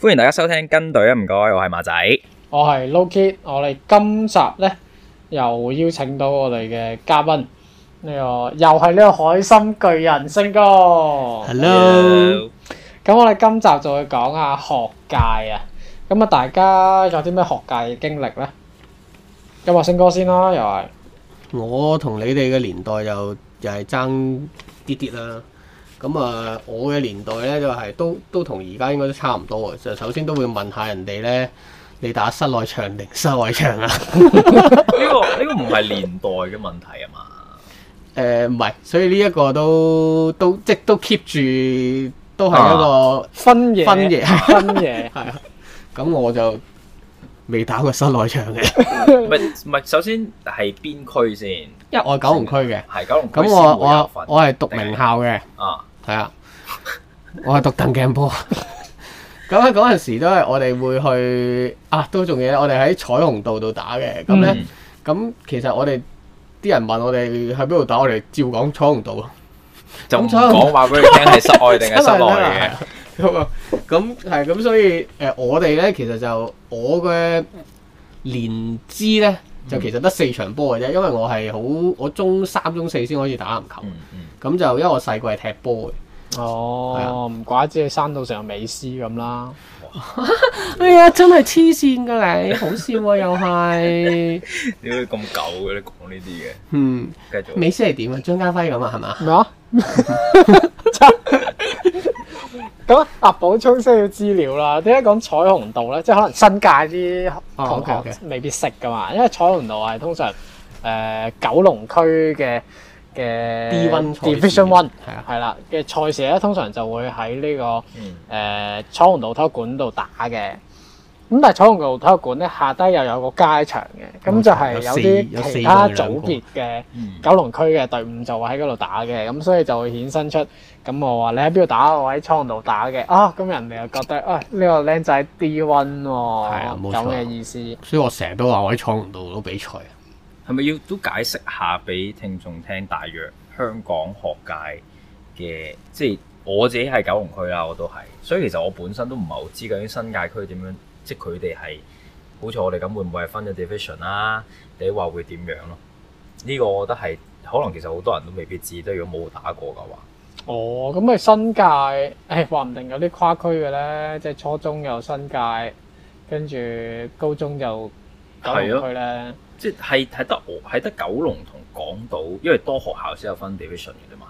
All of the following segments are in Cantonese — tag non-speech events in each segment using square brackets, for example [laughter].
歡迎大家收聽跟隊啊，唔該，我係馬仔，我係 Lowkey，我哋今集呢又邀請到我哋嘅嘉賓，呢個又係呢個海心巨人，聲哥，Hello，咁我哋今集就會講下學界啊，咁啊，大家有啲咩學界嘅經歷呢？今日聲哥先啦，又係我同你哋嘅年代又又係爭啲啲啦。咁、嗯、啊，我嘅年代咧就係、是、都都同而家應該都差唔多嘅。就首先都會問下人哋咧，你打室內場定室外場啊？呢、 [laughs] [laughs] 這個呢、這個唔係年代嘅問題啊嘛。誒、呃，唔係，所以呢一個都都即都 keep 住都係一個分嘢，分嘢，分嘢係啊。咁我就。未打過室內場嘅，唔係唔係，首先係邊區先？因為我係九龍區嘅，係九龍區。咁我我我係讀名校嘅，啊，係啊，我係讀鄧鏡波。咁咧嗰陣時都係我哋會去啊，都仲要我哋喺彩虹道度打嘅。咁咧，咁其實我哋啲人問我哋喺邊度打，我哋照講彩虹道咯，就唔講話俾你聽係室外定係室內嘅。咁啊，咁係咁，所以誒、呃，我哋咧其實就我嘅年資咧，就其實得四場波嘅啫，因為我係好我中三中四先開始打籃球，咁就、嗯嗯、因為我細個係踢波嘅。哦，唔對怪之係生到成日美斯咁啦。哇 [laughs] 哎呀，真係黐線㗎你，好笑、啊、又係。點解咁久嘅你講呢啲嘢，嗯，繼續。美斯係點啊？張家輝咁啊，係嘛？咩啊？咁阿，補充需要資料啦。點解講彩虹道咧？即係可能新界啲同學未必識噶嘛。因為彩虹道係通常誒、呃、九龍區嘅嘅 Division One 係啊係啦嘅賽事咧，通常就會喺呢、這個誒、呃、彩虹道托管度打嘅。咁但係彩虹道體育館咧，下低又有一個街場嘅，咁、嗯、就係有啲其他組別嘅九龍區嘅隊伍就喺嗰度打嘅，咁、嗯、所以就衍生出。咁我話你喺邊度打？我喺彩虹道打嘅。啊，咁人哋又覺得啊，呢、哎呢個靚仔 D1 喎、哦，冇咁嘅、哎、呀意思？所以我成日都話我喺彩虹道都比賽啊。係咪要都解釋下俾聽眾聽？大約香港學界嘅，即、就、係、是、我自己係九龍區啦，我都係。所以其實我本身都唔係好知究竟新界區點樣。即佢哋係好似我哋咁，會唔會係分咗 division 啊？你話會點樣咯？呢、這個我覺得係可能其實好多人都未必知，都如果冇打過嘅話。哦，咁咪新界誒話唔定有啲跨區嘅咧，即係初中又新界，跟、哎、住高中又九龍區咧。即係係得我係得九龍同港島，因為多學校先有分 division 嘅啫嘛。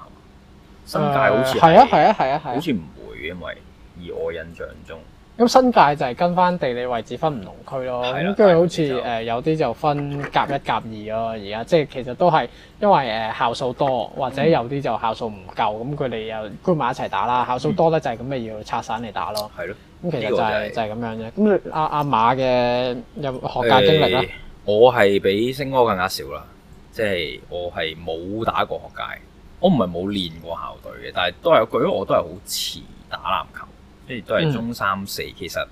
新界好似係啊係啊係啊，啊啊啊好似唔會，因為以我印象中。咁新界就係跟翻地理位置分唔同區咯，咁佢的好似誒、呃、有啲就分甲一、甲二咯。而家即係其實都係因為誒校數多，或者有啲就校數唔夠，咁佢哋又 group 埋一齊打啦。校數多呢就係咁，咪、嗯、要拆散嚟打咯。係咯的，咁其實就係、是、就係咁樣啫。咁阿阿馬嘅有，有學界經歷咧、哎，我係比聲哥更加少啦。即、就、係、是、我係冇打過學界，我唔係冇練過校隊嘅，但係都係，據我都係好遲打籃球。即係都係中三四，其實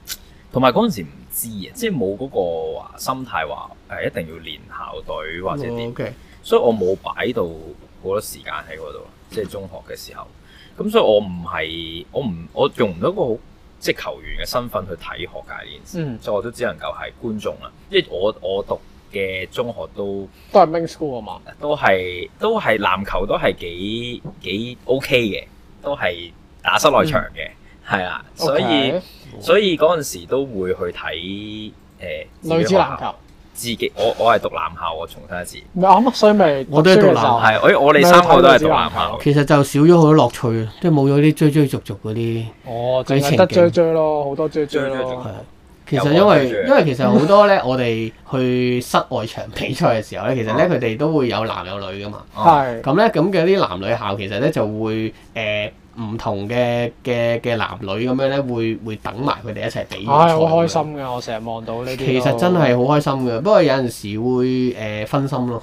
同埋嗰陣時唔知啊，即係冇嗰個話心態話誒一定要練校隊或者點，嗯 okay. 所以我冇擺到好多時間喺嗰度，即係中學嘅時候。咁所以我唔係我唔我用唔到個即係球員嘅身份去睇學界呢件事，嗯、所以我都只能夠係觀眾啦。即係我我讀嘅中學都都係名校啊嘛，都係都係籃球都係幾幾 OK 嘅，都係打室內場嘅。嗯係啊，所以所以嗰陣時都會去睇誒女子籃球，自己我我係讀男校，我重申一次。所以咪我都係讀男校，係我我哋三個都係讀男校。其實就少咗好多樂趣，即係冇咗啲追追逐逐嗰啲哦，得追追咯，好多追追咯。係，其實因為因為其實好多咧，我哋去室外場比賽嘅時候咧，其實咧佢哋都會有男有女噶嘛。係咁咧，咁嘅啲男女校其實咧就會誒。唔同嘅嘅嘅男女咁樣咧，會會等埋佢哋一齊比賽。係好開心㗎！我成日望到呢啲。其實真係好開心㗎，不過有陣時會誒分心咯。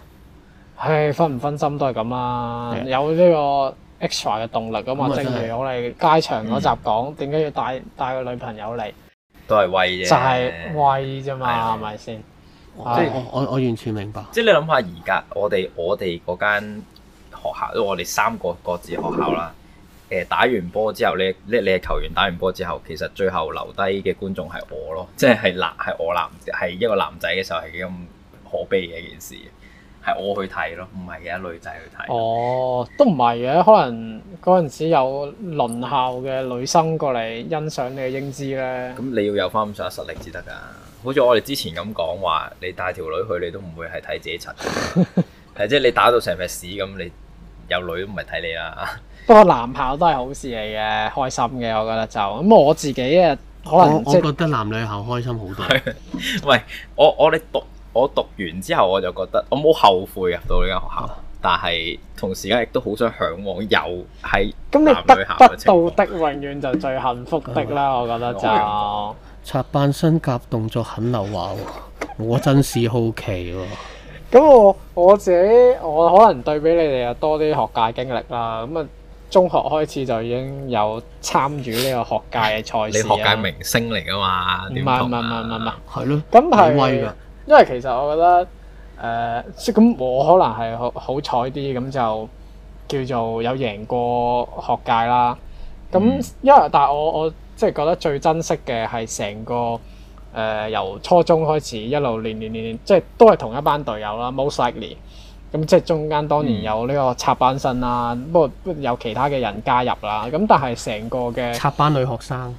唉，分唔分心都係咁啦。有呢個 extra 嘅動力㗎嘛？正如我哋街場嗰集講，點解要帶帶個女朋友嚟？都係威啫。就係威啫嘛，係咪先？即係我我完全明白。即係你諗下，而家我哋我哋嗰間學校，因為我哋三個各自學校啦。誒，打完波之後咧，咧你係球員打完波之後，其實最後留低嘅觀眾係我咯，即係，係男，係我男，係一個男仔嘅時候係幾咁可悲嘅一件事，係我去睇咯，唔係嘅女仔去睇。哦，都唔係嘅，可能嗰陣時候有輪校嘅女生過嚟，欣賞你嘅英姿咧。咁你要有翻咁上下實力至得噶好似我哋之前咁講話，你帶條女去，你都唔會係睇自己塵，係即係你打到成塊屎咁，你有女都唔係睇你啦。 [laughs] 不過男校都係好事嚟嘅，開心嘅，我覺得就咁。我自己啊，可能我，我覺得男女校開心好多。 [laughs] 喂，我我你讀我讀完之後，我就覺得我冇後悔入到呢間學校，但係同時間亦都好想向往有係男女校，嗯。得不到的永遠就最幸福的啦，嗯、我覺得就插半身甲動作很流華喎，我真是好奇喎。咁 [laughs] 我我自己我可能對比你哋又多啲學界經歷啦，咁啊、就是。中學開始就已經有參與呢個學界嘅賽事，你學界明星嚟㗎嘛？唔係唔係唔係唔係，係咯的。咁係是，因為其實我覺得，誒、呃，咁我可能係好好彩啲，咁就叫做有贏過學界啦。咁、嗯、因為但係我我即係覺得最珍惜嘅係成個誒、呃、由初中開始一路練練練練，即係都係同一班隊友啦，most likely。咁即係中間當然有呢個插班生啦、啊，嗯、不過有其他嘅人加入啦。咁但係成個嘅插班女學生，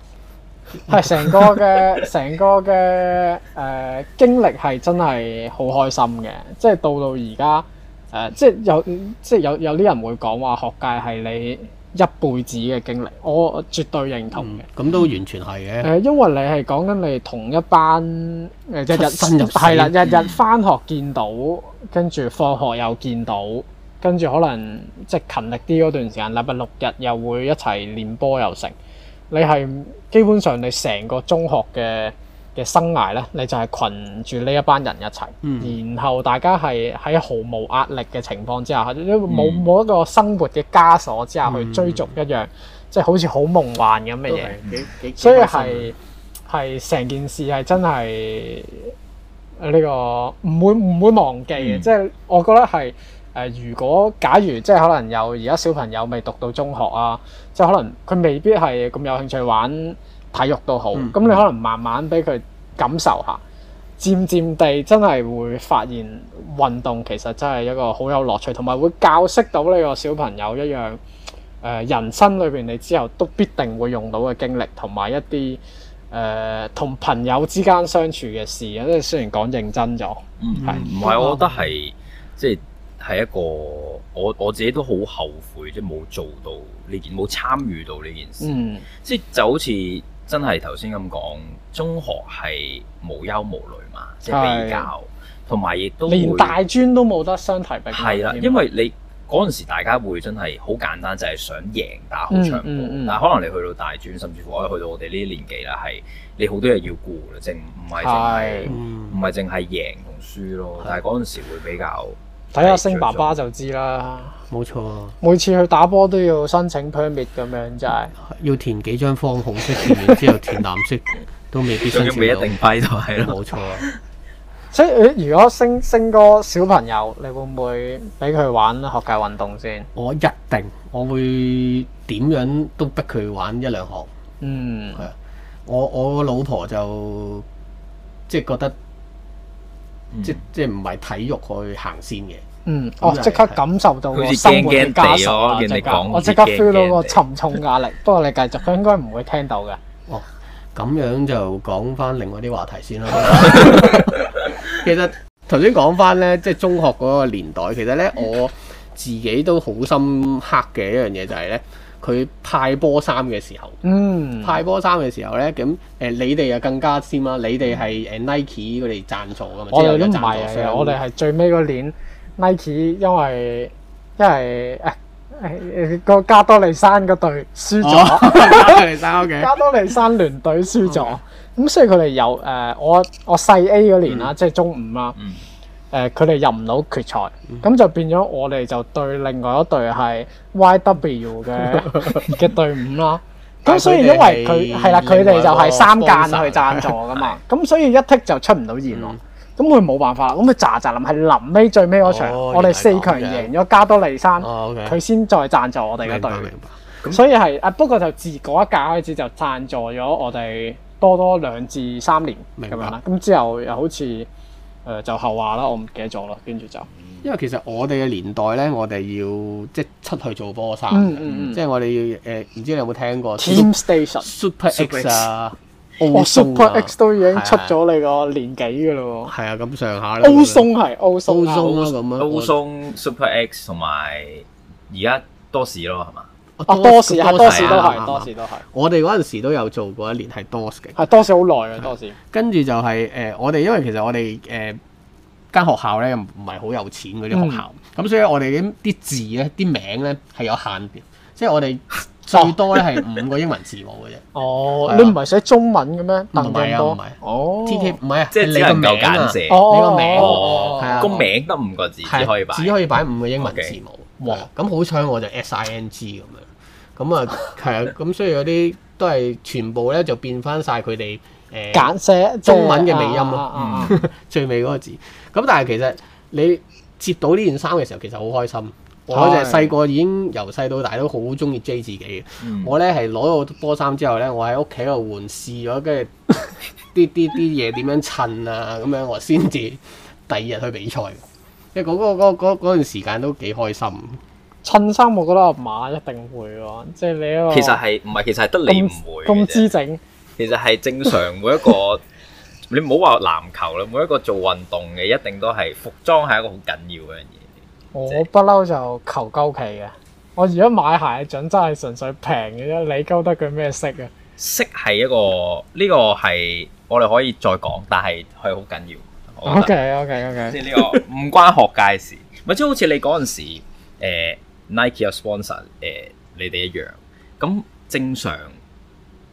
係 [laughs] 成個嘅成個嘅誒、呃、經歷係真係好開心嘅。即係到到而家誒，即係有即係有有啲人會講話學界係你，一輩子嘅經歷，我絕對認同嘅。咁都完全係嘅。因為你係講緊你同一班，即係，嘅生涯咧，你就係群住呢一班人一齊，嗯、然後大家係喺毫無壓力嘅情況之下，冇冇、嗯、一個生活嘅枷鎖之下，嗯、去追逐一樣即係好似好夢幻咁嘅嘢。是挺所以係係成件事係真係呢、呢個唔會唔會忘記嘅。即係、嗯、我覺得係誒、呃，如果假如即係可能有而家小朋友未讀到中學啊，即係可能佢未必係咁有興趣玩。體育都好，咁、嗯、你可能慢慢俾佢感受下，漸漸地真係會發現運動其實真係一個好有樂趣，同埋會教識到呢個小朋友一樣，誒、呃、人生裏邊你之後都必定會用到嘅經歷，同埋一啲誒同朋友之間相處嘅事。因為雖然講認真咗，嗯，係唔係？我覺得係即係係一個我我自己都好後悔，即係冇做到呢件冇參與到呢件事，嗯，即係就好似。真係頭先咁講，中學係無憂無慮嘛，即係比較，同埋亦都連大專都冇得相提並論啦，因為你嗰陣時大家會真係好簡單，就係想贏打好場波、嗯嗯嗯、但係可能你去到大專，甚至乎可以去到我哋呢啲年紀啦，係你好多嘢要顧啦，淨唔係淨係唔係淨係贏同輸咯。的但係嗰陣時會比較。睇下星爸爸就知啦，冇錯、啊。每次去打波都要申請 permit 咁樣，就係要填幾張方紅色 p e 之後填藍色，都未必申請到。一定批就係啦，冇錯。所以如果星星哥小朋友，你會唔會俾佢玩學界運動先？我一定，我會點樣都逼佢玩一兩項。嗯，係我我老婆就即係、就是、覺得。即即唔係體育去行先嘅，嗯，哦，即、就是、刻感受到生活嘅枷鎖，我即刻 feel 到個沉重壓力。不過 [laughs] 你繼續，佢應該唔會聽到嘅。哦，咁樣就講翻另外啲話題先啦。 [laughs] [laughs] 其實頭先講翻呢，即係中學嗰個年代，其實呢，我自己都好深刻嘅一樣嘢就係、是、呢。佢派波衫嘅時候，嗯，派波衫嘅時候咧，咁誒你哋又更加先啦，你哋係誒 Nike 佢哋贊助噶嘛，我又唔係，我哋係最尾嗰年 Nike，因為因為誒個加多利山嗰隊輸咗，加多利山、哦、山， [laughs] 山 o、okay. 加多利山聯隊輸咗，咁 Okay. 所以佢哋由誒我我細 A 嗰年啦，嗯、即係中五啦、啊。嗯誒佢哋入唔到決賽，咁就變咗我哋就對另外一隊係 YW 嘅嘅隊伍啦。咁所以因為佢係啦，佢哋就係三間去贊助噶嘛。咁忙、嗯、所以一剔就出唔到熱咯。咁佢冇辦法啦。咁佢咋咋臨係臨尾最尾嗰場，哦、我哋四強贏咗加多利山，佢先、哦 okay、再贊助我哋一隊。明白。明白。所以係啊，不過就自嗰一屆開始就贊助咗我哋多多兩至三年咁樣啦。咁白之後又好似。誒就後話啦，我唔記得咗啦，跟住就。因為其實我哋嘅年代咧，我哋要即係出去做波衫，即係我哋要誒，唔知你有冇聽過 Team Station、Super X 啊？哦，Super X 都已經出咗你個年紀嘅咯喎。係啊，咁上下。歐松係歐松啊，咁樣。歐松 Super X 同埋而家多事咯，係嘛？啊多士啊多士都係多士都係，我哋嗰陣時都有做過一年係多士嘅，係多士好耐嘅多士。跟住就係誒，我哋因為其實我哋誒間學校咧唔係好有錢嗰啲學校，咁所以我哋啲字咧、啲名咧係有限嘅，即係我哋最多咧係五個英文字母嘅啫。哦，你唔係寫中文嘅咩？唔係啊，唔係哦，T T 唔係啊，即係你咁嚿簡寫，你個名個名得五個字只可以擺，只可以擺五個英文字母。咁好彩我就 S I N G 咁樣，咁啊係啊，咁所以嗰啲都係全部咧就變翻晒佢哋誒簡寫中文嘅尾音咯，最尾嗰個字。咁但係其實你接到呢件衫嘅時候，其實好開心。我就細個已經由細到大都好中意 J 自己嘅。我咧係攞到波衫之後咧，我喺屋企度換試咗，跟住啲啲啲嘢點樣襯啊咁樣，我先至第二日去比賽。即係嗰嗰段時間都幾開心。襯衫我覺得阿馬一定會咯，即、就、係、是、你其。其實係唔係？其實係得你唔會。咁咁姿整。其實係正常每一個， [laughs] 你唔好話籃球啦，每一個做運動嘅一定都係服裝係一個好緊要嘅嘢，就是。我不嬲就求鳩其嘅。我如果買鞋嘅準則係純粹平嘅啫。你鳩得佢咩色啊？色係一個呢、這個係我哋可以再講，但係係好緊要。O K，O K，O K，即係呢、這個唔關學界事，咪 [laughs] 即係好似你嗰陣時誒、呃、Nike sponsor 誒、呃，你哋一樣咁正常，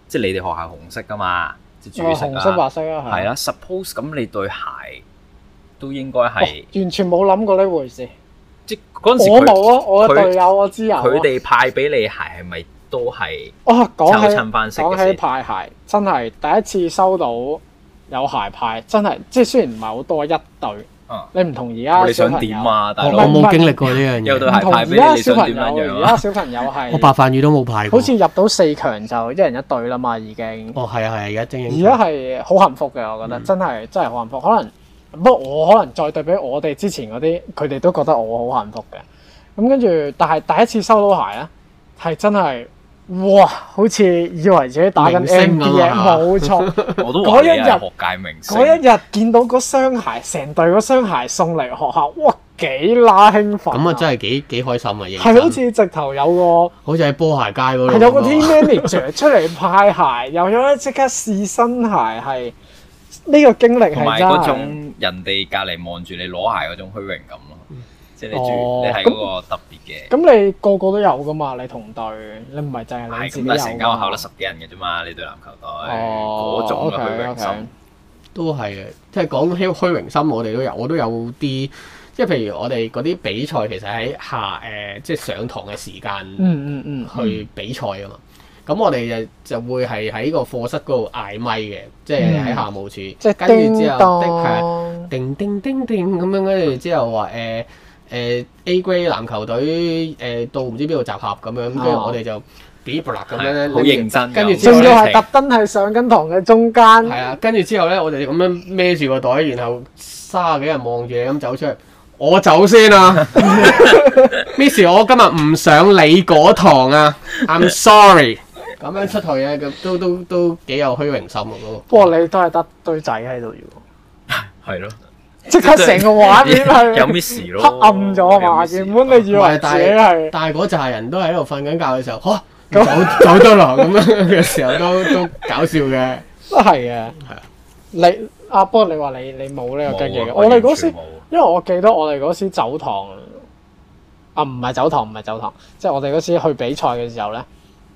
即係你哋學校紅色㗎嘛，即、呃、主色啊，紅色白色啊係啊，Suppose 咁你對鞋都應該係、哦、完全冇諗過呢回事，即嗰陣時我冇啊，我隊友我知啊，佢哋派俾你鞋係咪都係哦，講起講起派鞋，真係第一次收到。有鞋派真係，即係雖然唔係好多一對，啊、你唔同而家小朋友，啊哦、我冇經歷過呢樣嘢。有對鞋派而家小朋友而家 [laughs] 小朋友係 [laughs] 我白飯魚都冇派。好似入到四強就一人一對啦嘛，已經。哦，係啊，係啊，而家正而家係好幸福嘅，我覺得、嗯、真係真係好幸福。可能不過我可能再對比我哋之前嗰啲，佢哋都覺得我好幸福嘅。咁跟住，但係第一次收到鞋咧，係真係。哇！好似以為自己打緊 n 嘅嘢，冇錯。 [laughs] 我都話啊，學界明星。一日，一日見到嗰雙鞋，成對嗰雙鞋送嚟學校，哇！幾拉興奮。咁啊，真係幾幾開心啊！應係好似直頭有個，好似喺波鞋街嗰度。係有個 team manager 出嚟派鞋， [laughs] 又有咗即刻試新鞋，係呢、呢個經歷同埋嗰種人哋隔離望住你攞鞋嗰種虛榮感。你哦，係個噢特別嘅。咁你個個都有噶嘛？你同隊，你唔係淨係你自己成間學校得十幾人嘅啫嘛？你隊籃球隊，哦，嗰種虛榮心，okay, okay 都係，即係講起虛榮心，我哋都有，我都有啲，即係譬如我哋嗰啲比賽，其實喺下誒、呃，即係上堂嘅時間、嗯，嗯嗯嗯，去比賽啊嘛。咁我哋就就會係喺個課室嗰度嗌咪嘅，即係喺校務處，跟住之後，叮叮叮叮咁樣，跟住之後話誒。誒、呃、A Grade 籃球隊，誒、呃，到唔知邊度集合咁樣，跟住我哋就 BBL 好、哦、樣認真，跟住着有之後仲要係特登係上緊堂嘅中間，係啊，跟住之後咧，我哋咁樣孭住個袋，然後三十幾人望住你咁走出嚟，我先走先啊 m i s [laughs] s 我今日唔上你嗰堂啊，I'm sorry，咁樣出頭嘢咁都都都，都幾有虛榮心不、啊、過你都係得堆仔喺度要，係咯。即刻成個畫面去咯，黑暗咗嘛？ [laughs] 原本你以為大係，但係嗰扎人都喺度瞓緊覺嘅時候，吓、啊，走酒多流咁樣嘅時候都 [laughs] 都搞笑嘅， [laughs] 都係嘅的。係的啊，你阿波，你話你你冇呢個經驗、 [laughs] 啊，我哋嗰時，因為我記得我哋嗰時走堂，啊，唔係走堂，唔係走堂，即係我哋嗰時去比賽嘅時候咧，誒、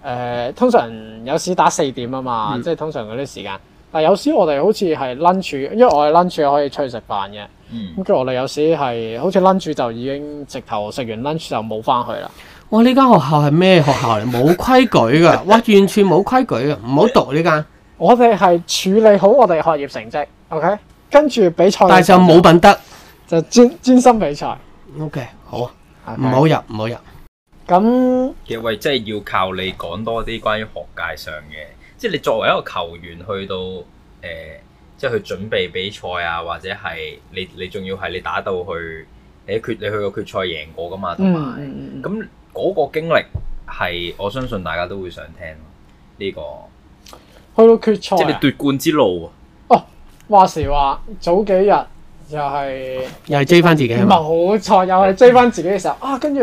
呃，通常有時打四點啊嘛，即係、嗯、通常嗰啲時間。但有時我哋好似係 lunch，因為我哋 lunch 可以出去食飯嘅。咁跟住我哋有時係好似 lunch 就已經直頭食完 lunch 就冇翻去啦。哇！呢間學校係咩學校？冇規矩噶，哇！完全冇規矩嘅，唔好讀呢間。 [laughs] 我哋係處理好我哋學業成績，OK。跟住比賽。但係就冇品德，就專專心比賽。OK，好啊，唔好 Okay. 入，唔好入。咁嘅位即係要靠你講多啲關於學界上嘅。即係你作為一個球員去到誒、呃，即係去準備比賽啊，或者係你你仲要係你打到去誒決，你去個決賽贏過噶嘛？同埋，mm。嗯。咁嗰個經歷係我相信大家都會想聽呢，這個去到決賽，即係你奪冠之路啊！哦，話時話早幾日，就是，又係又係追翻自己，冇錯，又係追翻自己嘅時候啊！跟住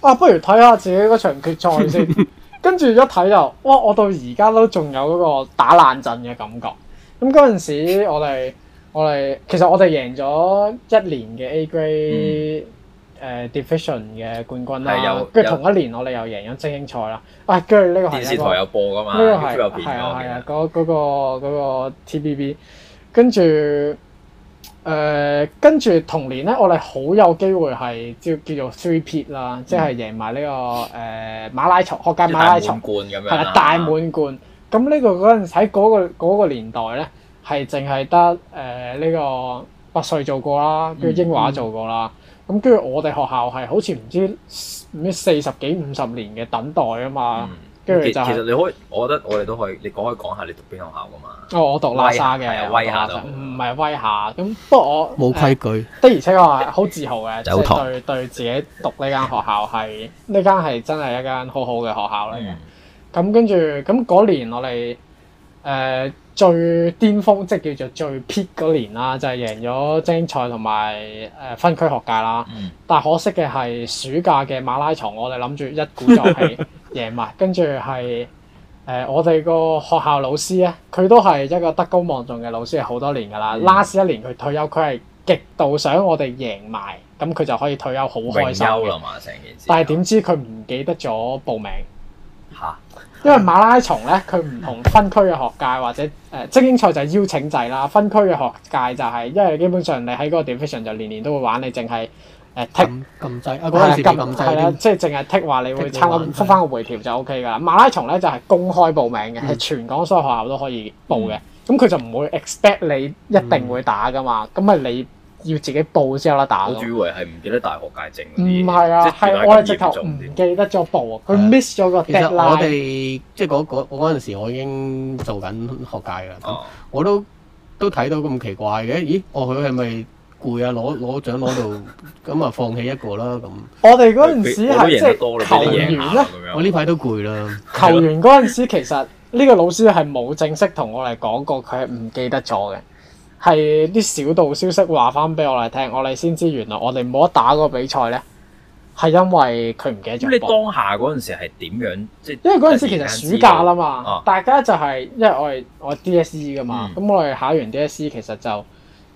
啊，不如睇下自己嗰場決賽先。 [laughs] 跟住一睇就，哇！我到而家都仲有嗰個打冷震嘅感覺。咁嗰陣時我，我哋我哋其實我哋贏咗一年嘅 A Grade Division 嘅冠軍啦。跟住同一年，我哋又贏咗精英賽啦。啊，跟住呢個、嗰個、電視台有播㗎嘛？呢個係係係係啊！嗰嗰個、嗰個、嗰個 TBB，跟住。嗰個誒，跟住同年咧，我哋好有機會係叫叫做 threepeat 啦，嗯、即係贏埋呢、呢個誒、呃、馬拉松，學界馬拉松冠咁樣啦，大滿貫。咁呢、啊、個嗰陣喺嗰個年代咧，係淨係得誒呢個拔萃做過啦，跟住英華做過啦。咁跟住我哋學校係好似唔知咩四,四十幾五十年嘅等待啊嘛～、嗯其實、就是、其實你可以，我覺得我哋都可以，你講可以講下你讀邊間學校噶嘛？哦，我讀拉沙嘅威下唔係威下，咁不過我冇規矩、呃、的，的，而且我係好自豪嘅，即係對對自己讀呢間學校係呢間係真係一間好好嘅學校嚟嘅。咁跟住咁嗰年我哋誒、呃、最巔峰，即係叫做最 peak 嗰年啦，就係贏咗精英賽同埋誒分區學界啦。嗯、但係可惜嘅係暑假嘅馬拉松，我哋諗住一鼓作氣。 [laughs] 贏埋，跟住係誒我哋個學校老師咧，佢都係一個德高望重嘅老師，係好多年噶啦。last、嗯、一年佢退休，佢係極度想我哋贏埋，咁佢就可以退休好開心。退休啦嘛，成件事。但係點知佢唔記得咗報名嚇，哈因為馬拉松咧，佢唔同分區嘅學界或者誒、呃、精英賽就係邀請制啦，分區嘅學界就係、是、因為基本上你喺嗰個 division 就年年都會玩，你淨係。誒剔撳掣嗰陣時撳係啦，即係淨係剔話你會參，復翻個回條就 O K 噶啦。馬拉松咧就係公開報名嘅，係全港所有學校都可以報嘅。咁佢就唔會 expect 你一定會打噶嘛。咁咪你要自己報先有得打咯。我以為係唔記得大學界整唔係啊？係我係直頭唔記得咗報，佢 miss 咗個。其實我哋即係嗰嗰嗰陣時，我已經做緊學界噶啦，咁我都都睇到咁奇怪嘅。咦？我佢係咪？攰啊！攞攞獎攞到咁啊， [laughs] 放棄一個啦咁。我哋嗰陣時係即係球員咧，我呢排都攰啦。球員嗰陣時其實呢、這個老師係冇正式同我哋講過，佢係唔記得咗嘅，係啲小道消息話翻俾我嚟聽，我哋先知原來我哋冇得打嗰個比賽咧，係因為佢唔記得咗。你當下嗰陣時係點樣？即、就、係、是、因為嗰陣時其實暑假啦嘛，啊、大家就係、是、因為我哋，我 DSE 噶嘛，咁、嗯、我哋考完 DSE 其實就。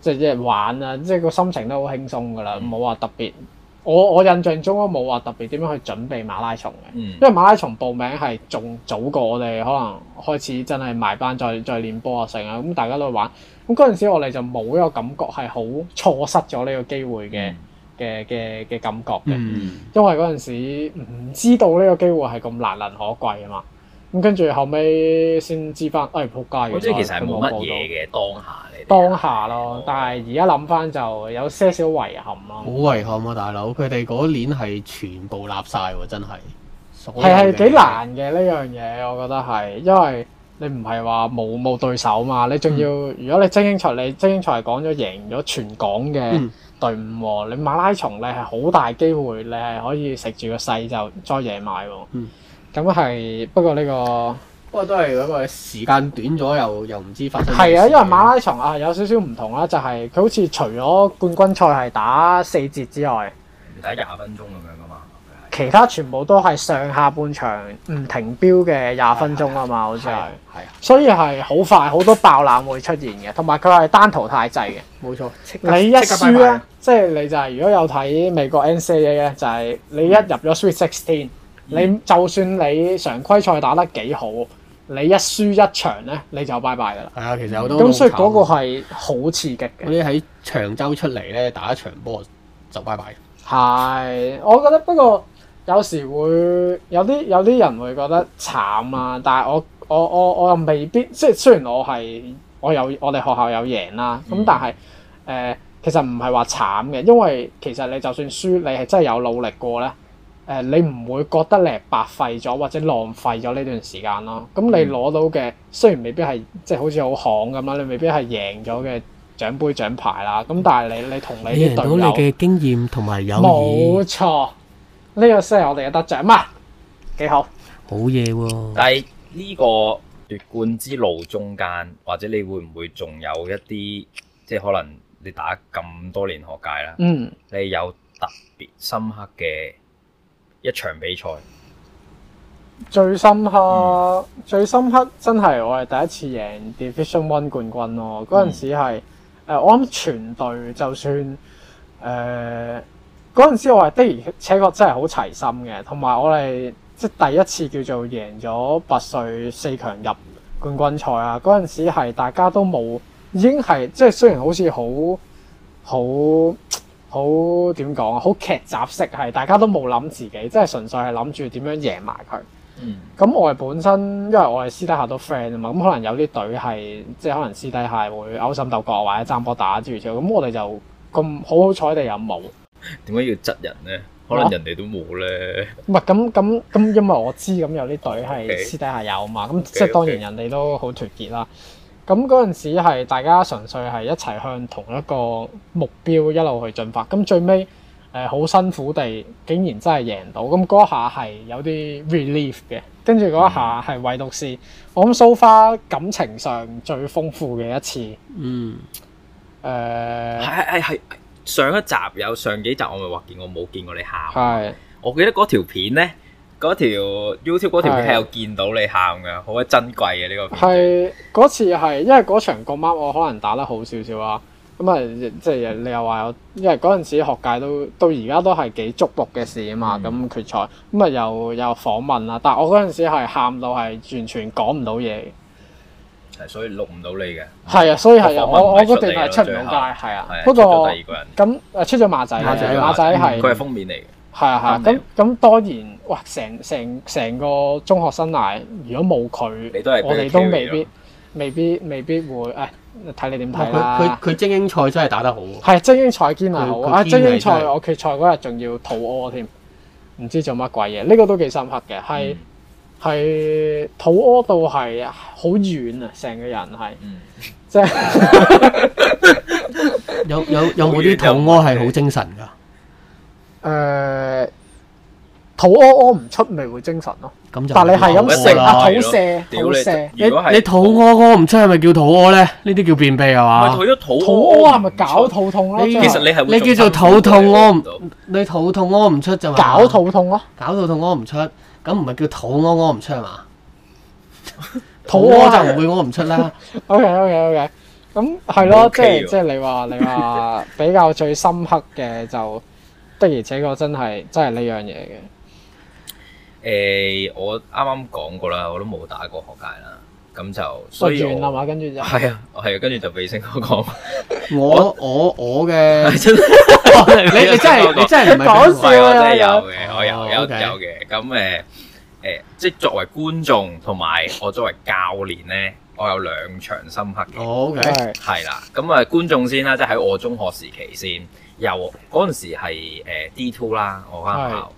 即係即係玩啦，即係個心情都好輕鬆噶啦，冇話特別。我我印象中都冇話特別點樣去準備馬拉松嘅，因為馬拉松報名係仲早過我哋可能開始真係埋班再再練波啊成啊，咁大家都去玩。咁嗰陣時我哋就冇呢個感覺係好錯失咗呢個機會嘅嘅嘅嘅感覺嘅，因為嗰陣時唔知道呢個機會係咁難能可貴啊嘛。咁跟住後尾先知翻，哎，仆街！即係其實冇乜嘢嘅當下嚟。當下咯，但係而家諗翻就有些少遺憾咯。好遺憾啊，大佬！佢哋嗰年係全部立晒喎，真係係係幾難嘅呢樣嘢，我覺得係，因為你唔係話冇冇對手嘛，你仲要、嗯、如果你精英賽，你精英賽講咗贏咗全港嘅隊伍喎，嗯、你馬拉松你係好大機會，你係可以食住個勢就栽野買喎、啊。嗯咁係，不過呢、這個，不過都係嗰個時間短咗，又又唔知發生。係啊，因為馬拉松啊，有少少唔同啦、啊，就係、是、佢好似除咗冠軍賽係打四節之外，唔打廿分鐘咁樣噶嘛。其他全部都係上下半場唔停表嘅廿分鐘啊嘛，好似係。係、啊。啊啊、所以係好快，好 [laughs] 多爆冷會出現嘅，同埋佢係單淘汰制嘅。冇錯。刻你一輸咧、啊，即係你就係、是、如果有睇美國 NCAA 嘅，就係你一入咗 sweet sixteen。16, 你就算你常規賽打得幾好，你一輸一場咧，你就拜拜㗎喇。係啊，其實好多咁，所以嗰個係好刺激嘅。嗰啲喺長洲出嚟咧，打一場波就拜拜。係，我覺得不過有時會有啲有啲人會覺得慘啊，但係我我我我又未必，即係雖然我係我有我哋學校有贏啦、啊，咁、嗯、但係誒、呃，其實唔係話慘嘅，因為其實你就算輸，你係真係有努力過咧。誒，你唔會覺得你係白費咗或者浪費咗呢段時間咯？咁你攞到嘅，嗯、雖然未必係即係好似好行咁啦，你未必係贏咗嘅獎杯、獎牌啦。咁但係你你同你啲隊友攞到你嘅經驗同埋友誼。冇錯，呢個先係我哋嘅得獎啊嘛，幾好，好嘢喎！但係呢個奪冠之路中間，或者你會唔會仲有一啲，即係可能你打咁多年學界啦，嗯，你有特別深刻嘅？一場比賽最深刻、嗯、最深刻真係我哋第一次贏 Division One 冠軍咯！嗰陣時係、嗯呃、我諗全隊就算誒嗰陣時，我話的而且確真係好齊心嘅，同埋我哋即係第一次叫做贏咗拔萃四強入冠軍賽啊！嗰陣時係大家都冇已經係即係雖然好似好好。好點講啊，好劇集式係，大家都冇諗自己，即係純粹係諗住點樣贏埋佢。咁、嗯、我哋本身，因為我哋私底下都 friend 啊嘛，咁可能有啲隊係，即係可能私底下會勾心鬥角或者爭波打之類咁。我哋就咁好好彩地有冇。點解要窒人呢？可能人哋都冇呢？唔係咁咁咁，因為我知咁有啲隊係私底下有嘛，咁 Okay, 即係 okay, okay. 當然人哋都好團結啦。咁嗰陣時係大家純粹係一齊向同一個目標一路去進發，咁最尾誒好辛苦地竟然真係贏到，咁嗰下係有啲 relief 嘅，跟住嗰下係唯獨是、嗯、我諗 so far 感情上最豐富嘅一次。嗯，誒係係係係上一集有上幾集我咪話見我冇見過你下。係是我記得嗰條片咧，嗰條 YouTube 嗰條片係有見到你喊嘅，好鬼是珍貴嘅呢、這個片。係嗰次係，因為嗰場 Mark 我可能打得好少少啊。咁啊、就是，即係你又話，因為嗰陣時學界都到而家都係幾觸目嘅事啊嘛。咁決賽咁啊，又有訪問啦。但係我嗰陣時係喊到係完全講唔到嘢。係，所以錄唔到你嘅。係啊，所以係啊，我我嗰段係出唔到街，係啊。不過第二個人咁誒出咗馬仔，馬仔係佢係封面嚟嘅。係啊係，咁咁當然，哇！成成成個中學生涯，如果冇佢，你都我哋都未必未必未必會誒，睇、哎、你點睇啦。佢佢精英賽真係打得好，係精英賽堅係好，好啊！精英賽是我決賽嗰日仲要肚屙添，唔知做乜鬼嘢，呢、這個都幾深刻嘅，係係肚屙到係好軟啊，成個人係，嗯、即係 [laughs] [laughs] 有有有冇啲肚屙係好精神噶？誒，肚屙屙唔出咪會精神咯？咁就，但你係咁食啊，肚瀉肚瀉，你你肚屙屙唔出係咪叫肚屙咧？呢啲叫便秘係嘛？唔肚屙，係咪搞肚痛咯？其實你係你叫做肚痛屙，唔你肚痛屙唔出就話搞肚痛咯。搞肚痛屙唔出，咁唔係叫肚屙屙唔出係嘛？肚屙就唔會屙唔出啦。O K O K O K，咁係咯，即係即係你話你話比較最深刻嘅就。的而且確真係真係呢樣嘢嘅。誒，我啱啱講過啦，我都冇打過學界啦，咁就完啦嘛。跟住就係啊，係啊，跟住就畀聲哥講講。我我我嘅，你你真係你真係唔係講笑啊？真係有嘅，我有有有嘅。咁誒誒，即係作為觀眾同埋我作為教練咧，我有兩場深刻嘅。OK，係啦。咁啊，觀眾先啦，即係喺我中學時期先。又嗰陣時係誒 D two 啦，我啱啱考，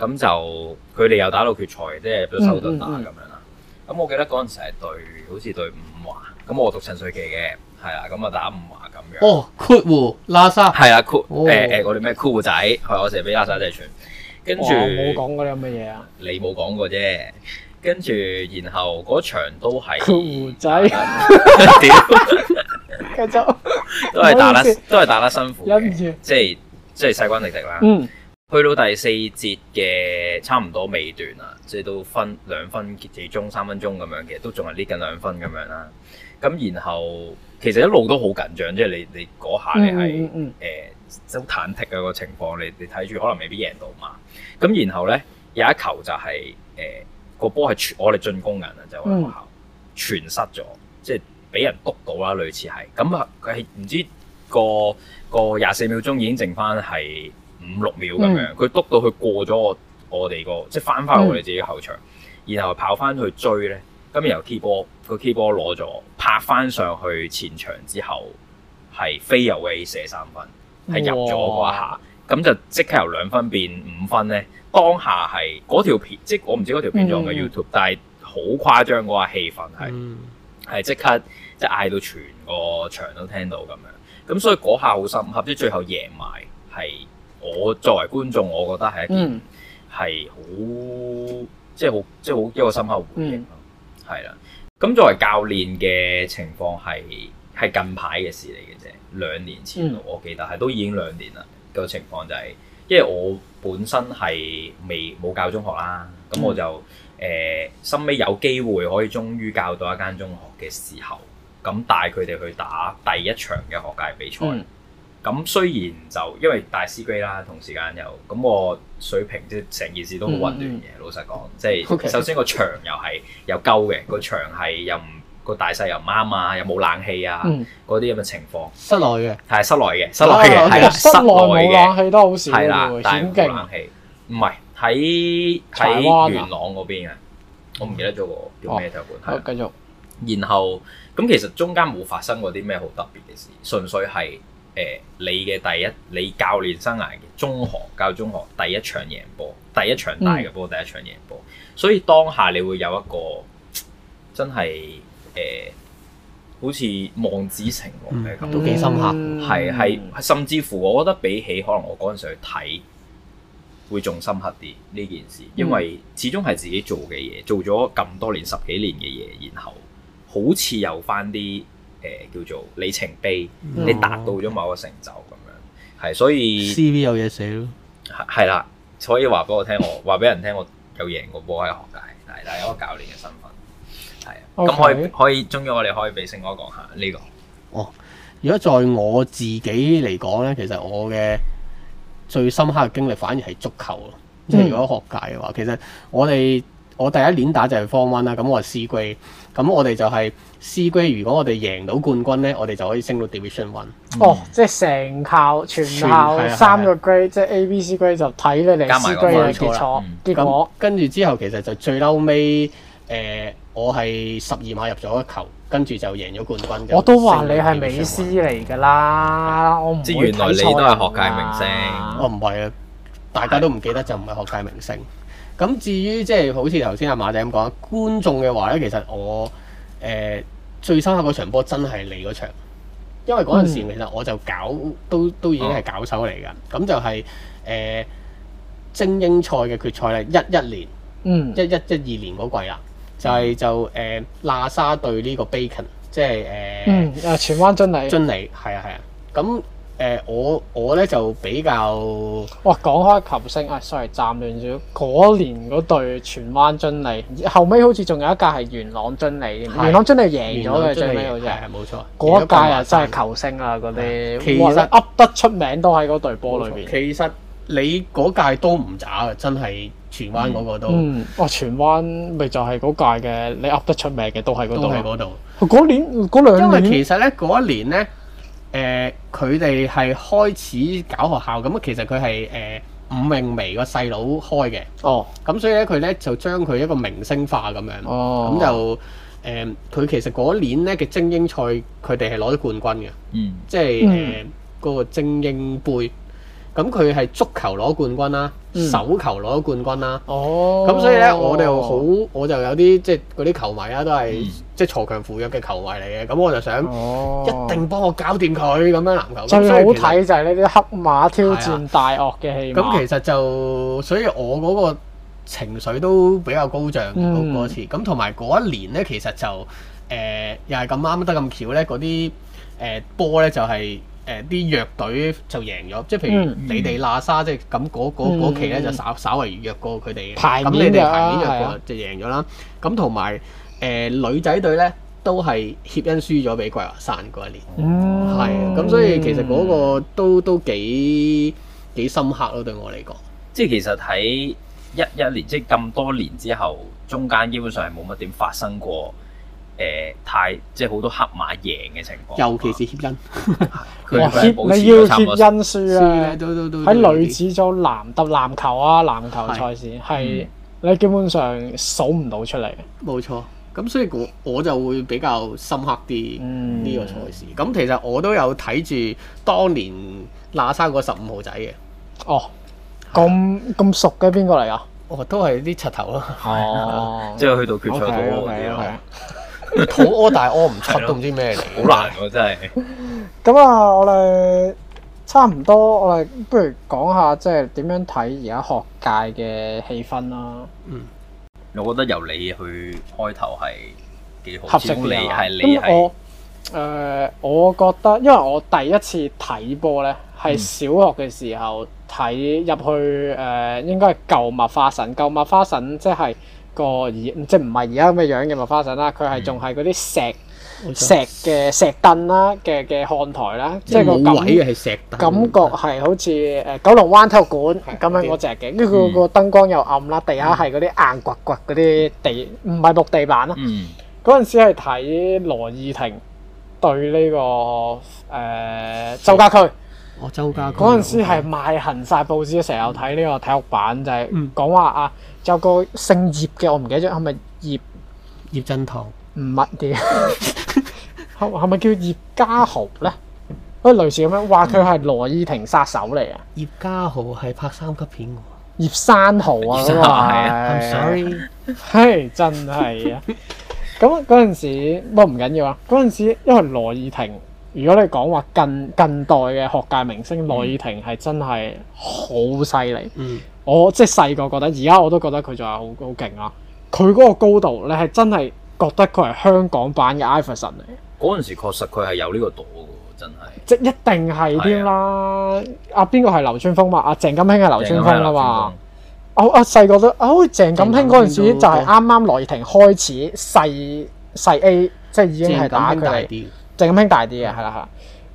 咁就佢哋又打到決賽，即係入咗手盾打咁樣啦。咁我記得嗰陣時係對好似對五華，咁我讀陳瑞琪嘅，係啊，咁啊打五華咁樣。哦，括弧喇沙係啊，括弧誒誒嗰啲咩括弧仔係我成日俾喇沙一隻傳。跟住我冇講過有乜嘢啊？你冇講過啫。跟住然後嗰場都係括弧仔。 [laughs] 都係打得，都係打得，得辛苦嘅住，即係即係勢均力敵啦。嗯，去到第四節嘅差唔多尾段啦，即係都分兩分幾鐘、三分、分鐘咁樣，其實都仲係搦緊兩分咁樣啦。咁然後其實一路都好緊張，即係你你嗰下你係誒好忐忑嘅個情況，你你睇住可能未必贏到嘛。咁然後咧有一球就係誒個波係我哋進攻人啊，就學、是、校全失咗。嗯俾人督到啦，類似係咁啊！佢係唔知個個廿四秒鐘已經剩翻係五六秒咁樣，佢督、嗯、到佢過咗我我哋個，即係翻返我哋自己後場，嗯、然後跑翻去追咧，咁然後 key 波個 key 波攞咗，拍翻上去前場之後，係 fadeaway 射三分，係入咗嗰一下，咁哇就即刻由兩分變五分咧。當下係嗰條片，即係我唔知嗰條片在唔在 YouTube，但係好誇張嗰個氣氛係係、嗯、即刻。即嗌到全個場都聽到咁樣，咁所以嗰下好深刻，即最後贏埋，係我作為觀眾，我覺得係一件係好、嗯，即係好，即係好一個深刻回憶咯。係啦、嗯，咁作為教練嘅情況係係近排嘅事嚟嘅啫。兩年前、嗯、我記得係都已經兩年啦。個情況就係、是，因為我本身係未冇教中學啦，咁我就誒，收、呃、尾有機會可以終於教到一間中學嘅時候。咁帶佢哋去打第一場嘅學界比賽。咁、嗯、雖然就因為大 C grade 啦，同時間又咁個水平即係成件事都好混亂嘅。嗯嗯、老實講，即係 Okay. 首先個場、那個、又係又鳩嘅，個場係又唔個大細又唔啱啊，又冇冷氣啊，嗰啲咁嘅情況。室內嘅係室內嘅，室內嘅係室內嘅，啊、okay, 室內冇冷氣都好少，係啦、嗯，但係冇冷氣。唔係喺喺元朗嗰邊嘅，啊、我唔記得咗喎、那個，叫咩裁判？好、哦，繼續然後。咁其實中間冇發生過啲咩好特別嘅事，純粹係誒、呃、你嘅第一，你教練生涯嘅中學教中學第一場贏波，第一場大嘅波，嗯、第一場贏波，所以當下你會有一個真係誒、呃，好似望子成龍嘅咁，嗯、都幾深刻，係係、嗯、甚至乎，我覺得比起可能我嗰陣時去睇，會仲深刻啲呢件事，因為始終係自己做嘅嘢，做咗咁多年十幾年嘅嘢，然後。好似有翻啲誒叫做里程碑，嗯、你達到咗某個成就咁樣，係所以 CV 有嘢寫，咯，係啦，所以話俾我聽，我話俾人聽，我有贏過波喺學界，但係嗱，有個教練嘅身份，係啊，咁 Okay, 可以可以，終於我哋可以俾聲哥講下呢、這個。哦，如果在，在我自己嚟講咧，其實我嘅最深刻嘅經歷反而係足球咯，即係、嗯、如果學界嘅話，其實我哋。我第一年打就係 Form One 啦，咁我係 C grade，咁我哋就係 C grade。如果我哋贏到冠軍咧，我哋就可以升到 Division One。哦、嗯，oh, 即係成靠全靠三個 grade，即係 A grade、B、C grade 就睇你零思季嘅結果。結果跟住之後，其實就最嬲尾誒，我係十二碼入咗一球，跟住就贏咗冠軍。我都話你係美斯嚟㗎啦，我唔知原來你都係學界明星。我唔係啊，大家都唔記得就唔係學界明星。咁至於即係好似頭先阿馬仔咁講，觀眾嘅話咧，其實我誒、呃、最深刻嗰場波真係你嗰場，因為嗰陣時其實我就搞都都已經係搞手嚟嘅，咁、嗯、就係、是、誒、呃、精英賽嘅決賽咧，一一年，一一一二年嗰季啦，嗯、就係就誒喇、呃、沙對呢個 Bacon，即係誒，嗯啊荃灣樽尼樽尼係啊係啊，咁。誒、呃，我我咧就比較哇，講開球星啊，sorry，站亂咗。嗰年嗰隊荃灣津利，後尾好似仲有一屆係元朗津利，元朗津利贏咗嘅最尾好似，係冇錯。嗰屆啊真係球星啊嗰啲，其實噏得出名都喺嗰隊波裏邊。其實你嗰屆都唔渣啊，真係荃灣嗰個都。嗯，哇、嗯，荃灣咪就係嗰屆嘅，你噏得出名嘅都喺嗰度。都喺嗰度。嗰年嗰兩年，因為其實咧嗰一年咧。誒，佢哋係開始搞學校咁啊，其實佢係誒伍詠薇個細佬開嘅。哦，咁所以咧，佢咧就將佢一個明星化咁樣。哦，咁就誒，佢、呃、其實嗰年咧嘅精英賽，佢哋係攞咗冠軍嘅。嗯，即係誒嗰個精英杯，咁佢係足球攞冠軍啦，手球攞咗冠軍啦，哦，咁所以咧、哦、我哋好，我就有啲即係嗰啲球迷啦，都係、嗯、即係鋤強扶弱嘅球迷嚟嘅，咁我就想、哦、一定幫我搞掂佢咁樣籃球。最好睇就係呢啲黑馬挑戰大鱷嘅戲碼。咁、啊、其實就，所以我嗰個情緒都比較高漲嗰、嗯、個時，咁同埋嗰一年咧，其實就誒、呃、又係咁啱得咁巧咧，嗰啲誒波咧就係、是。誒啲、呃、弱隊就贏咗，即係譬如你哋、嗯、喇沙即係咁嗰期咧就稍稍為弱過佢哋，咁、啊、你哋排名弱過就贏咗啦。咁同埋誒女仔隊咧都係協恩輸咗俾季華山嗰一年，係咁、嗯、所以其實嗰個都都幾幾深刻咯、啊、對我嚟講。即係其實喺一一年，即係咁多年之後，中間基本上係冇乜點發生過。誒，太即係好多黑馬贏嘅情況，尤其是協恩，佢你要協恩輸啊，喺女子組籃，打籃球啊，籃球賽事係你基本上數唔到出嚟，冇錯。咁所以我就會比較深刻啲呢個賽事。咁其實我都有睇住當年喇沙個十五號仔嘅。哦，咁咁熟嘅邊個嚟啊？哦，都係啲柒頭咯。哦，即係去到決賽嗰個肚屙但係屙唔出，都唔知咩，好的 [laughs] 難喎真係。咁 [laughs] 啊，我哋差唔多，我哋不如講下即係點樣睇而家學界嘅氣氛啦。嗯，我覺得由你去開頭係幾好，合適你係你嘅。咁我誒、呃，我覺得，因為我第一次睇波咧，係小學嘅時候睇入、嗯、去誒、呃，應該係舊物花神，舊物花神即係。個而即係唔係而家咁嘅樣嘅麥花臣啦，佢係仲係嗰啲石石嘅石凳啦嘅嘅看台啦，即係個感覺係石凳，感覺係好似誒九龍灣體育館咁樣嗰隻嘅。呢個個燈光又暗啦，地下係嗰啲硬掘掘嗰啲地，唔係木地板啦。嗰陣時係睇羅意庭對呢個誒周家驅。我周家嗰陣、嗯、時係賣行晒報紙，成日有睇呢個體育版，嗯、就係講話啊，有個姓葉嘅，我唔記得咗，係咪葉葉振堂麼？唔密啲，係係咪叫葉家豪咧？喂，似類似咁樣，話佢係羅意婷殺手嚟啊？葉家豪係拍三級片嘅，葉山豪啊嘛？係，sorry，係真係啊！咁嗰陣時不過唔緊要啊。嗰陣時因為羅意婷。如果你講話近近代嘅學界明星，羅意庭係真係好犀利。嗯，是是嗯我即係細個覺得，而家我都覺得佢仲有好高勁啊！佢嗰個高度，你係真係覺得佢係香港版嘅艾佛森嚟。嗰陣時確實佢係有呢個度真係即一定係添啦。阿邊個係劉春峰嘛、啊？阿、啊、鄭金興係劉春峰啦嘛吧？我我細個都哦，鄭金興嗰陣時就係啱啱羅意庭開始細細 A，即係已經係打佢。寶寶正咁興大啲嘅，係啦、嗯，係啦。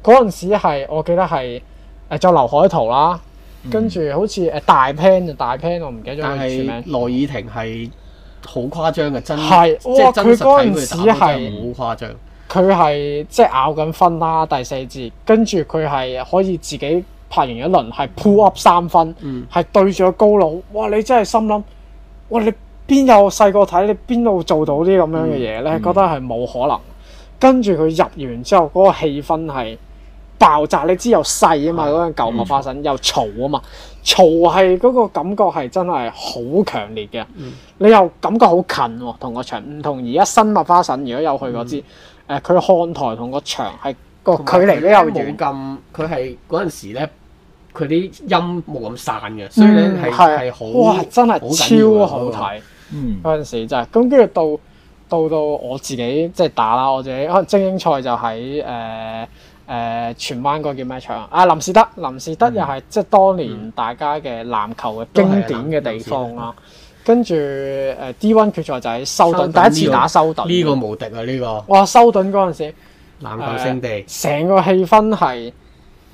嗰陣時係我記得係誒就劉海圖啦，嗯、跟住好似誒、呃、大 pen 就大 pen，我唔記得咗佢叫咩。但係羅意庭係好誇張嘅，真係即係佢嗰陣時係好誇張。佢係即係咬緊分啦，第四節，跟住佢係可以自己拍完一輪係 pull up 三分，係、嗯、對住個高佬。哇！你真係心諗，哇！你邊有細個睇你邊度做到啲咁樣嘅嘢咧？嗯、覺得係冇可能。跟住佢入完之後，嗰、那個氣氛係爆炸。你知又細啊嘛，嗰、那、陣、個、舊麥花臣、啊嗯、又嘈啊嘛，嘈係嗰、那個感覺係真係好強烈嘅。嗯、你又感覺好近喎、啊，同個場唔同。而家新麥花臣，如果有去嗰支，誒、呃、佢看台同個場係個、嗯、距離咧又冇咁，佢係嗰陣時咧佢啲音冇咁散嘅，嗯、所以咧係係好哇真係超好睇。嗰陣時真係咁，跟住、嗯嗯、到。到到我自己即係打啦，我自己可能精英賽就喺誒誒荃灣嗰個叫咩場啊？林士德，林士德又係即係當年大家嘅籃球嘅經典嘅地方啦。跟住誒 D1 決賽就喺修頓，第一次打修頓，呢個無敵啊！呢個哇修頓嗰陣時籃球聖地，成個氣氛係，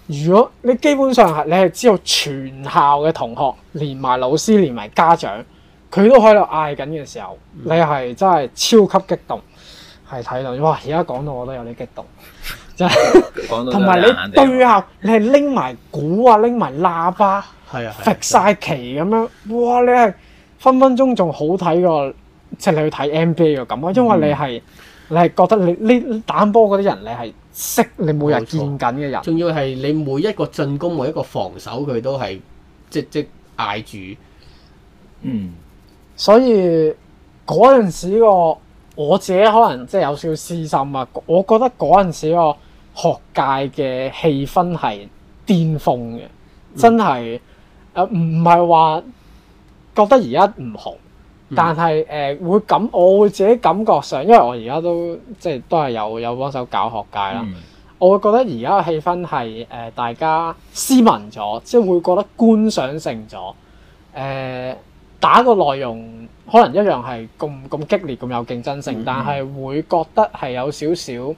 如果你基本上係你係知道全校嘅同學，連埋老師，連埋家長。佢都喺度嗌緊嘅時候，你係真係超級激動，係睇到哇！而家講到我都有啲激動，真係。講到你眼定。同埋你對下，你係拎埋鼓啊，拎埋喇叭，係啊，揈曬旗咁樣，哇！你係分分鐘仲好睇過，即係你去睇 NBA 嘅咁呀，因為你係你係覺得你呢打波嗰啲人，你係識你每日見緊嘅人。仲要係你每一個進攻，每一個防守，佢都係即即嗌住，嗯。所以嗰陣時個我自己可能即係有少私心啊，我覺得嗰陣時個學界嘅氣氛係巔峰嘅，真係誒唔係話覺得而家唔紅，但係誒、呃、會感我會自己感覺上，因為我而家都即係都係有有幫手搞學界啦，嗯、我會覺得而家嘅氣氛係誒、呃、大家斯文咗，即係會覺得觀賞性咗誒。呃打個內容可能一樣係咁咁激烈咁有競爭性，但係會覺得係有少少誒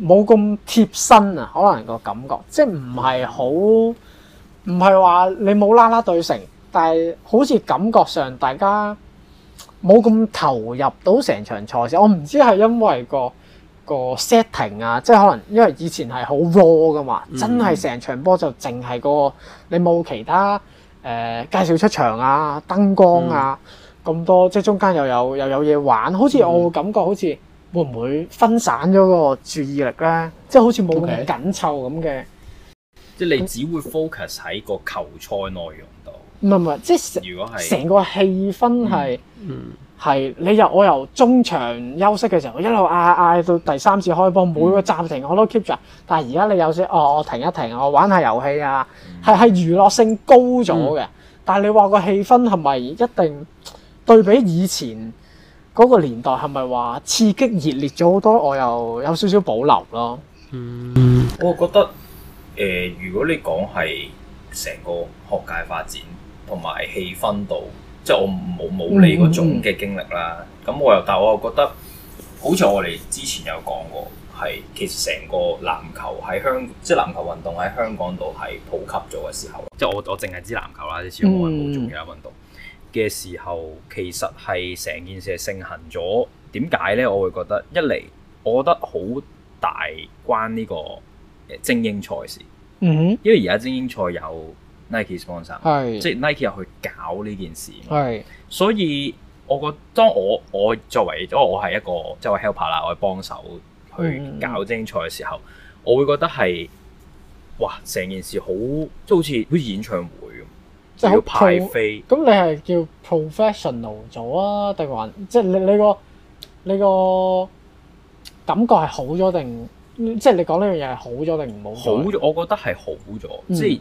冇咁貼身啊，可能個感覺即係唔係好，唔係話你冇啦啦對成，但係好似感覺上大家冇咁投入到成場賽事。我唔知係因為個個 setting 啊，即係可能因為以前係好 raw 噶嘛，真係成場波就淨係個你冇其他。誒、uh, 介紹出場啊，燈光啊，咁、嗯、多，即係中間又有又有嘢玩，好似我感覺好似會唔會分散咗個注意力咧？Okay. 即係好似冇咁緊湊咁嘅，即係你只會 focus 喺個球賽內容度。唔係唔係，即係成成個氣氛係嗯。係你由我由中場休息嘅時候一路嗌嗌到第三次開波，每個暫停我都 keep 住。但係而家你有時哦，我停一停，我玩下遊戲啊，係係娛樂性高咗嘅。但係你話個氣氛係咪一定對比以前嗰個年代係咪話刺激熱烈咗好多？我又有少少保留咯。嗯，我覺得誒、呃，如果你講係成個學界發展同埋氣氛度。即係我冇冇你嗰種嘅經歷啦，咁、mm hmm. 我又但係我又覺得，好似我哋之前有講過，係其實成個籃球喺香港，即係籃球運動喺香港度係普及咗嘅時候，即係、嗯、我我淨係知籃球啦，即啲其他運動嘅時候，其實係成件事係盛行咗。點解咧？我會覺得一嚟，我覺得好大關呢個精英賽事，mm hmm. 因為而家精英賽有。Nike sponsor，即係 Nike 又去搞呢件事，是所以我覺得當我我作為，因為我係一個即係 hel 我 helper 啦，我幫手去搞精彩嘅時候，嗯、我會覺得係哇，成件事好即係好似好似演唱會咁，即係好派飛。咁你係叫 professional 做啊，定還即係你你個你個感覺係好咗定即係你講呢樣嘢係好咗定唔好？好，我覺得係好咗，即係、嗯。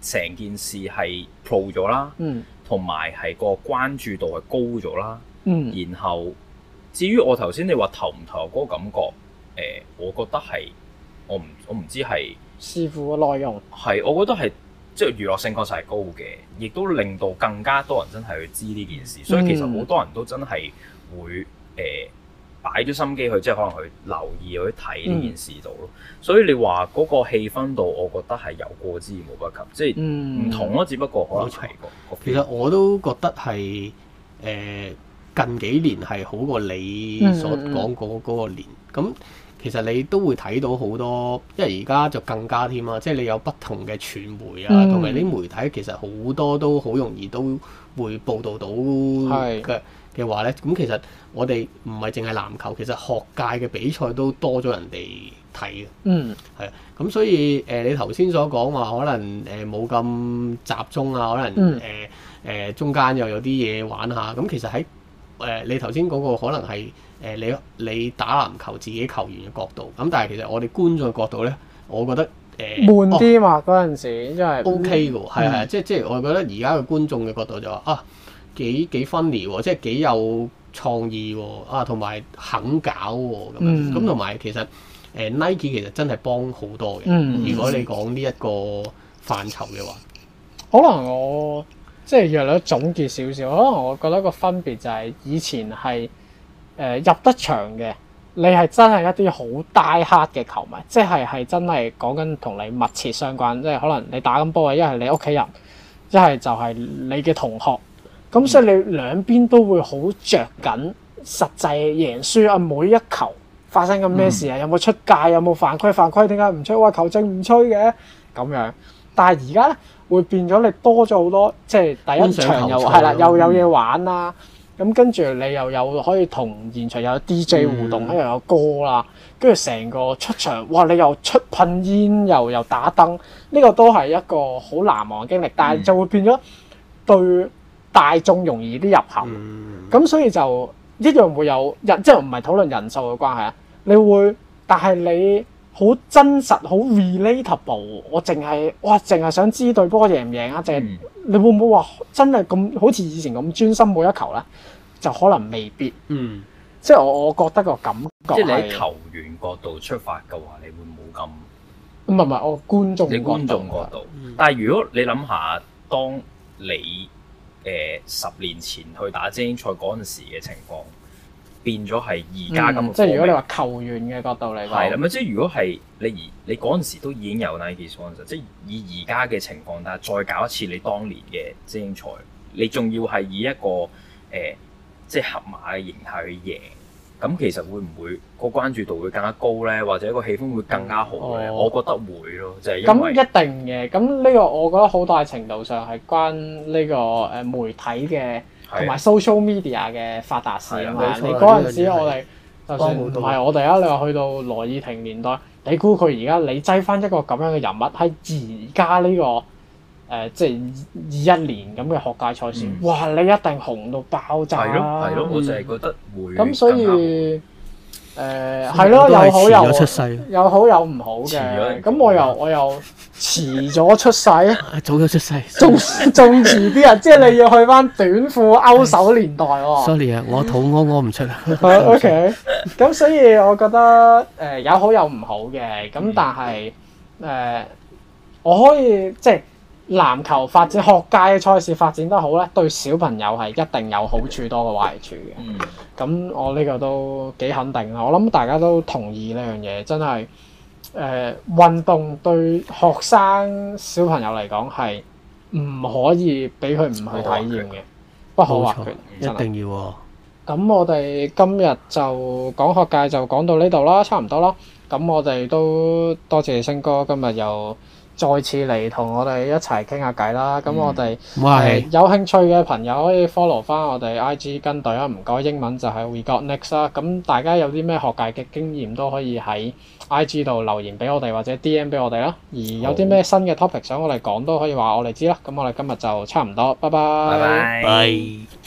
成件事係 pro 咗啦，嗯，同埋係個關注度係高咗啦，嗯。然後至於我頭先你話投唔投嗰個感覺，誒、呃，我覺得係我唔我唔知係視乎個內容，係我覺得係即係娛樂性確實係高嘅，亦都令到更加多人真係去知呢件事，所以其實好多人都真係會誒。呃擺咗心機去，即係可能去留意去睇呢件事度咯。嗯、所以你話嗰個氣氛度，我覺得係有過之而無不及，嗯、即係唔同咯。只不過我提過，其實我都覺得係誒、呃、近幾年係好過你所講嗰嗰個年。咁、嗯嗯、其實你都會睇到好多，因為而家就更加添喇！即係你有不同嘅傳媒啊，同埋啲媒體其實好多都好容易都會報導到嘅。嗯嘅話咧，咁其實我哋唔係淨係籃球，其實學界嘅比賽都多咗人哋睇嘅。嗯，係啊。咁所以誒，你頭先所講話可能誒冇咁集中啊，可能誒誒中、呃、中間又有啲嘢玩下。咁其實喺誒你頭先嗰個可能係誒你你打籃球自己球員嘅角度。咁但係其實我哋觀眾嘅角度咧，我覺得誒悶啲嘛嗰陣、哦、時、就是，因為 O K 嘅喎，係係、嗯、即即係我覺得而家嘅觀眾嘅角度就話、是、啊。幾幾分裂，即係幾有創意啊，同埋肯搞咁咁，同埋、嗯、其實誒、呃、Nike 其實真係幫好多嘅。嗯、如果你講呢一個範疇嘅話，嗯嗯嗯、可能我即係約略總結少少，可能我覺得個分別就係以前係誒、呃、入得場嘅，你係真係一啲好 d 黑嘅球迷，即係係真係講緊同你密切相關，即係可能你打緊波啊，一係你屋企人，一係就係你嘅同學。咁、嗯、所以你兩邊都會好着緊，實際贏輸啊。每一球發生緊咩事啊？嗯、有冇出界？有冇犯規？犯規點解唔吹？哇、哎！球證唔吹嘅咁樣，但係而家會變咗，你多咗好多，即係第一場又係啦，又有嘢玩啦。咁、嗯、跟住你又有可以同現場有 D J 互動，嗯、又有歌啦，跟住成個出場，哇！你又出噴煙，又又打燈，呢、呢個都係一個好難忘嘅經歷。但係就會變咗對。大眾容易啲入喉，咁、嗯、所以就一樣會有人，即係唔係討論人數嘅關係啊？你會，但係你好真實，好 relatable。我淨係哇，淨係想知道對波贏唔贏啊！淨係、嗯、你會唔會話真係咁好似以前咁專心每一球咧？就可能未必，嗯、即係我我覺得個感覺。即係喺球員角度出發嘅話，你會冇咁唔係唔係我觀眾觀眾角度，角度，嗯、但係如果你諗下，當你誒、呃、十年前去打精英賽嗰陣時嘅情況，變咗係而家咁。即係如果你話球員嘅角度嚟講，係啦，咁即係如果係你而你嗰陣時都已經有 Nike s p 即係以而家嘅情況底下，再搞一次你當年嘅精英賽，你仲要係以一個誒、呃、即係盒馬嘅形態去贏。咁其實會唔會個關注度會更加高咧？或者個氣氛會更加好咧？哦、我覺得會咯，就係、是、因為咁一定嘅。咁呢個我覺得好大程度上係關呢個誒媒體嘅同埋 social media 嘅發達事啊嘛。你嗰陣時我哋就算唔係我哋啊，你話去到羅意廷年代，你估佢而家你擠翻一個咁樣嘅人物喺而家呢個？誒，即係二一年咁嘅學界賽事，哇！你一定紅到爆炸係咯，係咯，我淨係覺得會咁，所以誒係咯，有好有好有唔好嘅咁，我又我又遲咗出世，早咗出世，仲仲遲啲啊！即係你要去翻短褲勾手年代哦。Sorry 啊，我肚屙屙唔出啊。OK，咁所以我覺得誒有好有唔好嘅咁，但係誒我可以即係。籃球發展學界嘅賽事發展得好咧，對小朋友係一定有好處多過壞處嘅。咁我呢個都幾肯定呀，我諗大家都同意呢樣嘢，真係誒運動對學生小朋友嚟講係唔可以俾佢唔去體驗嘅，不可或缺。一定要喎。咁我哋今日就講學界就講到呢度啦，差唔多啦。咁我哋都多謝聲哥今日又。再次嚟同我哋一齊傾下偈啦，咁我哋唔係、嗯呃、有興趣嘅朋友可以 follow 翻我哋 IG 跟隊呀，唔該英文就係 We Got Next 啦、啊。咁、嗯、大家有啲咩學界嘅經驗都可以喺 IG 度留言俾我哋，或者 DM 俾我哋啦。而有啲咩新嘅 topic 想我哋講都可以話我哋知啦。咁我哋今日就差唔多，拜拜。